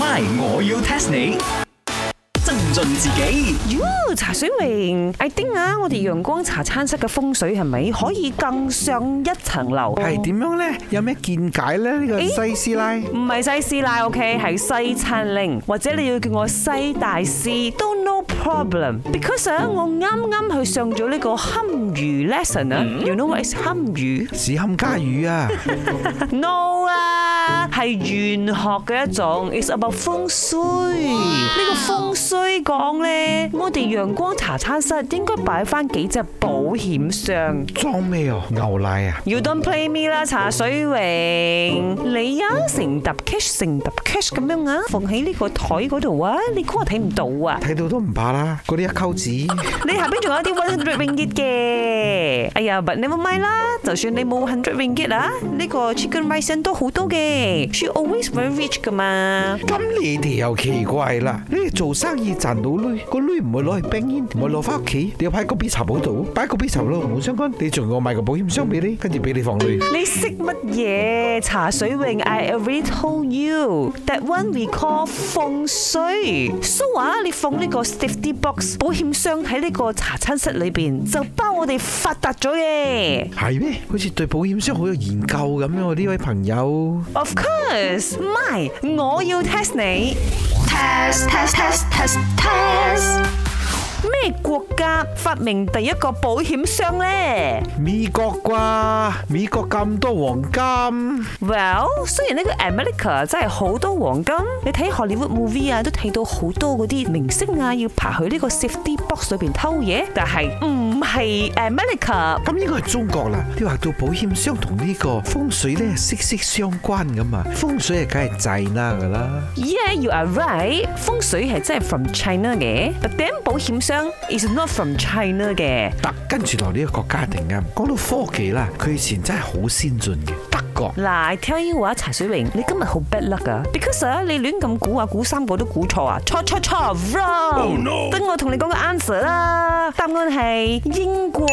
My，我要 test 你，增進自己。喲，茶水榮，I think 啊，我哋陽光茶餐室嘅風水係咪可以更上一層樓？係點樣咧？有咩見解咧？呢、這個西師奶，唔係、欸、西師奶，OK，係西餐令，或者你要叫我西大師都 no problem，because 我啱啱去上咗呢個堪輿 lesson 啊，you know what is 堪輿？是堪家魚啊 ？No 啊！係玄學嘅一種，is about 風水。呢個風水講咧，我哋陽光茶餐室應該擺翻幾隻保險箱，啊，裝咩牛奶啊？You don't play me 啦，茶水泳你、啊！你啊成沓 cash，成沓 cash 咁樣啊，放喺呢個台嗰度啊，你估我睇唔到啊？睇到都唔怕啦，嗰啲一溝紙。你下邊仲有啲100 ringgit 嘅，哎呀你 but never mind 啦，就算你冇100 ringgit 啊，呢、這個 chicken rice 都好多嘅。She always very rich 噶嘛，咁你哋又奇怪啦？你哋做生意賺到鐳，個鐳唔會攞去冰煙，唔會攞翻屋企，你又派個 B 茶寶度，擺個 B 茶咯。唔好相干，你仲要我買個保險箱俾你，跟住俾你放鐳。你識乜嘢？茶水泳，I already told you that one we call 風水，so 啊，你放呢個 safety box 保險箱喺呢個茶餐室裏邊就包。我哋發達咗嘅，係咩？好似對保險箱好有研究咁樣，我呢位朋友。Of course，My，我要 test 你。咩國家發明第一個保險箱咧？美國啩，美國咁多黃金。Well，雖然呢個 America 真係好多黃金，你睇 Hollywood movie 啊，都睇到好多嗰啲明星啊要爬去呢個 safety box 裏邊偷嘢，但係唔係 America。咁應該係中國啦。你話到保險箱同呢個風水咧係息息相關噶嘛，風水係梗係滯啦噶啦。Yeah，you are right，風水係真係 from China 嘅，但保險箱。It's not from China 嘅。得，跟住來呢個家庭啊，講到科技啦，佢以前真係好先進嘅。嗱，tell you 柴水榮，你今日好 bad luck 啊！Because 啊，你亂咁估啊，估三個都估錯啊！錯錯錯，wrong！等我同你講個 answer 啦。答案係英國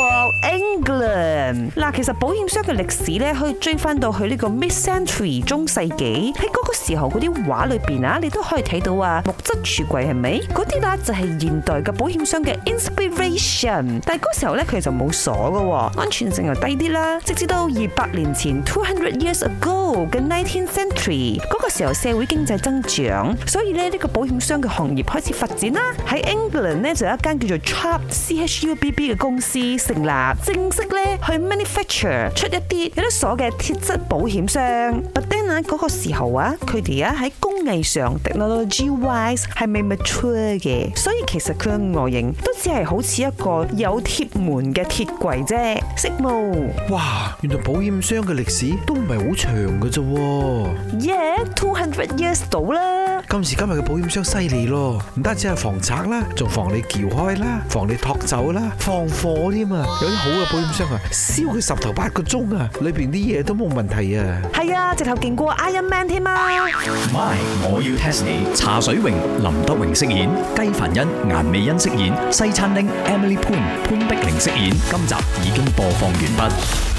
England。嗱、啊，其實保險箱嘅歷史咧，可以追翻到去呢個 mid century 中世紀。喺嗰個時候嗰啲畫裏邊啊，你都可以睇到啊，木質櫥櫃係咪？嗰啲啦就係、是、現代嘅保險箱嘅 inspiration。但係嗰時候咧，佢就冇鎖噶，安全性又低啲啦。直至到二百年前 two hundred years ago 嘅 nineteenth century 嗰個時候社會經濟增長，所以咧，呢個保險箱嘅行業開始發展啦。喺 England 咧就有一間叫做 Chubb C H U B B 嘅公司成立，正式咧去 manufacture 出一啲有得鎖嘅鐵質保險箱。但係咧，嗰個時候啊，佢哋啊喺工藝上 technology wise 係未 mature 嘅，所以其實佢嘅外形都只係好似一個有鐵門嘅鐵櫃啫。哇，原來保險箱嘅歷史都唔係好長嘅啫喎，Yeah two hundred years 到啦。今時今日嘅保險箱犀利咯，唔單止係防賊啦，仲防你撬開啦，防你托走啦，防火添啊！有啲好嘅保險箱啊，燒佢十頭八個鐘啊，裏邊啲嘢都冇問題啊！係啊，直頭勁過 Iron Man 添啊！My，我要 test 你。茶水榮、林德榮飾演，雞凡恩、顏美欣飾演，西餐廳 Emily Poon 潘碧玲飾演。今集已經播放完畢。